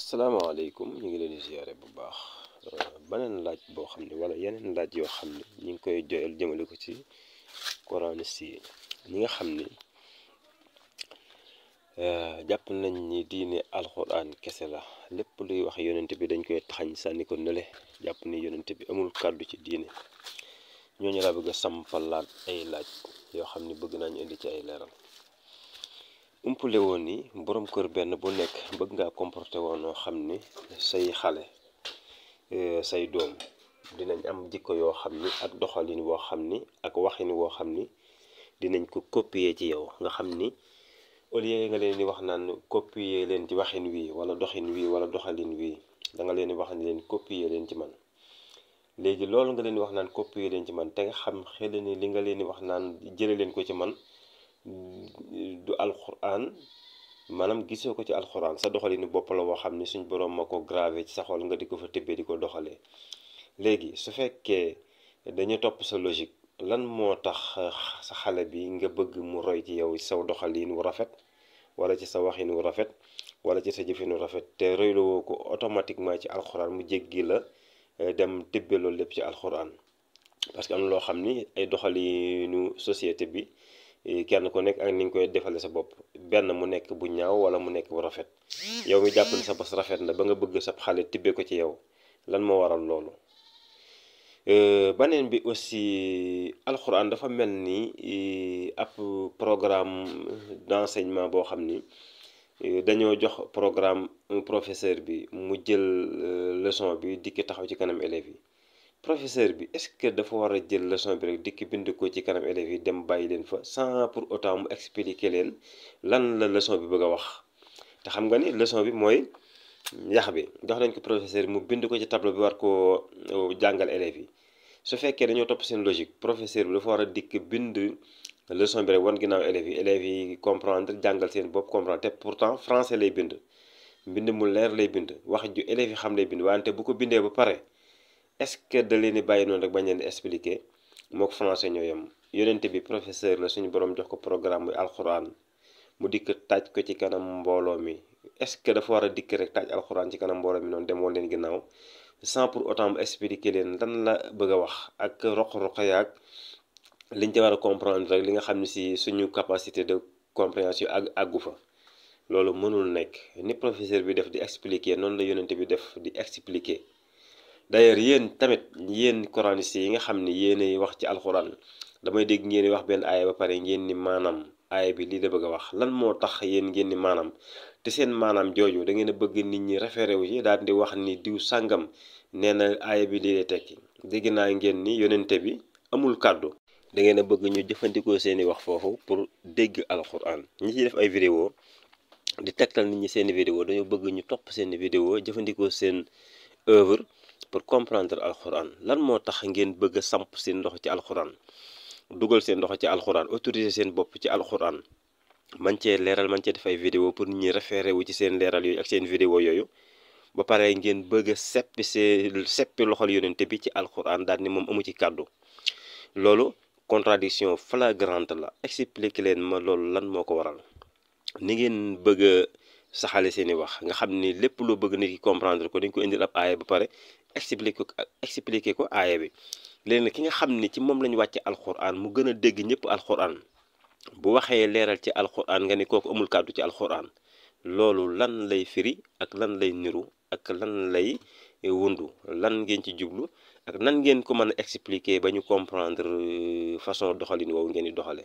asalaamaaleykum ñu ngi leen di ziare bu baax euh, beneen laaj boo xam ne wala yeneen laaj yoo xam ne ñu ngi koy joyal jëmale ko ci coraniste yi ñi nga xam ni euh, jàpp nañ ni diine alxuraan kese la lépp luy wax yonent bi dañ koy taxañ sànni ko nële jàpp ni yonent bi amul kàddu ci diine ñooñu laa bëgg a sampalaat ay laaj yoo xam ne bëgg naa ñu indi ci ay leeral umpale woon ni boroom kër benn bu nekk bëgg ngaa comporté woon noo xam ni say xale euh, say doom dinañ am jikko yoo xam ni ak doxalin woo xam ni ak waxin woo xam ni dinañ ko copier ci yow nga xam ni au lieu leen di wax naan copier leen ci waxin wii wala doxin wii wala doxalin wii danga leen di wax ni leen copier leen ci man léegi loolu nga leen di wax naan copier leen ci man te nga xam xëy na ni li nga leen di wax naan jële leen ko ci man du alxuraan maanaam gisoo ko ci alxuraan sa doxaliinu bopp la woo xam ne suñ borom ma ko gravé ci sa xol nga di ko fa tëbbee di ko doxalee léegi su fekkee dañu topp sa logique lan moo tax ah, sa xale bi nga bëgg mu roy ci yow saw doxaliin wu rafet wala ci sa waxin wu rafet wala ci sa jëfin wu rafet te royloo ko automatiquement ci alxuraan mu jéggi la eh, dem tëbbee loolu lépp ci alxuraan parce que am na loo xam ni ay doxalinu société bi. Eh, kenn ko nekk ak ni nga koy defalee sa bopp benn mu nekk bu ñaaw wala mu nekk bu rafet yow mi jàpp ne sa bos rafet na ba nga bëgg sa xale tibbee ko ci yow lan moo waral loolu eh, baneen bi aussi alxuraan dafa mel ni eh, ab programme d'enseignement boo xam ni dañoo jox programme professeur bi mu jël leçon bi dikki taxaw ci kanam élèves yi professeur bi est-ce que dafa war a jël leçon bi rek dikk bind ko ci kanam élèves yi dem bàyyi leen fa sans pour autant mu expliquer leen lan la leson bi bëgg a wax te xam nga ni leçon bi mooy yax bi jox nañ ko professeur bi mu bind ko ci tableau bi war koo euh, jàngal élèves yi su fekkee dañoo topp seen logique professeur bi dafa war a dikk bind leçon bi rek wan ginnaaw élèves yi élèves yi comprendre jàngal seen bopp comprendre te pourtant français lay bind mbind mu leer lay bind wax ju élèves xam lay bind wante bu ko bindee ba pare est-ce que da leen bàyyi noonu rek bañ leen di expliquer mook français ñoo yem yonent bi professeur la suñu borom jox ko programme bi alxuraan mu dikk taaj ko ci kanam mbooloo mi est-ce que dafa war a dikk rek taaj alxuraan ci kanam mi noonu demoo leen ginnaaw sans pour autant mu leen lan la bëgg a wax ak roq-roq yaag liñ ci war a comprendre li nga xam ne si suñu capacité de compréhension ak àggu fa loolu mënul nekk ni professeur bi def di expliquer noonu la yonent bi def di expliquer. d'ailleurs yéen tamit yéen coranistes yi nga xam ne yéenay wax ci alxuraan damay dégg ngeen di wax benn aaya ba pare ngeen ni maanaam aaya bi lii da bëgg a wax lan moo tax yéen ngeen ni maanaam te seen maanaam jooju da ngeen a bëgg nit ñi référé wu ci daal di wax ni diw sàngam nee na aaya bi lii lay tekki dégg naa ngeen ni yonente bi amul kàddu da ngeen a bëgg ñu jëfandikoo seeni wax foofu pour dégg alxuraan ñi ci def ay vidéo di tekkal nit ñi seeni vidéo dañoo bëgg ñu topp seeni vidéo jëfandikoo seen pour comprendre alxuraan lan moo tax ngeen bëgg a samp seen ndox ci alxuraan dugal seen ndox ci alxuraan autoriser seen bopp ci alxuraan man cee leeral man cee def ay vidéo pour nit ñi référé wu ci seen leeral yooyu ak seen vidéo yooyu ba pare ngeen bëgg a seppi see seppi loxol yoonante bi ci alxuraan daal ni moom amu ci kàddu loolu contradiction flagrante la explique leen ma loolu lan moo ko waral ni ngeen bëgg a saxale seen i wax nga xam ni lépp loo bëgg nit ki comprendre ko dañ ko indil ba pare expliqué ko expliqué ko aaya bi léegi ki nga xam ni ci moom la ñu wàcce alxuraan mu gën a dégg ñëpp alxuraan bu waxee leeral ci alxuraan nga ni kooku amul kàddu ci alxuraan loolu lan lay firi ak lan lay niru ak lan lay wundu lan ngeen ci jublu ak nan ngeen ko mën a expliquer ba ñu comprendre euh, façon doxalin woowu ngeen di doxale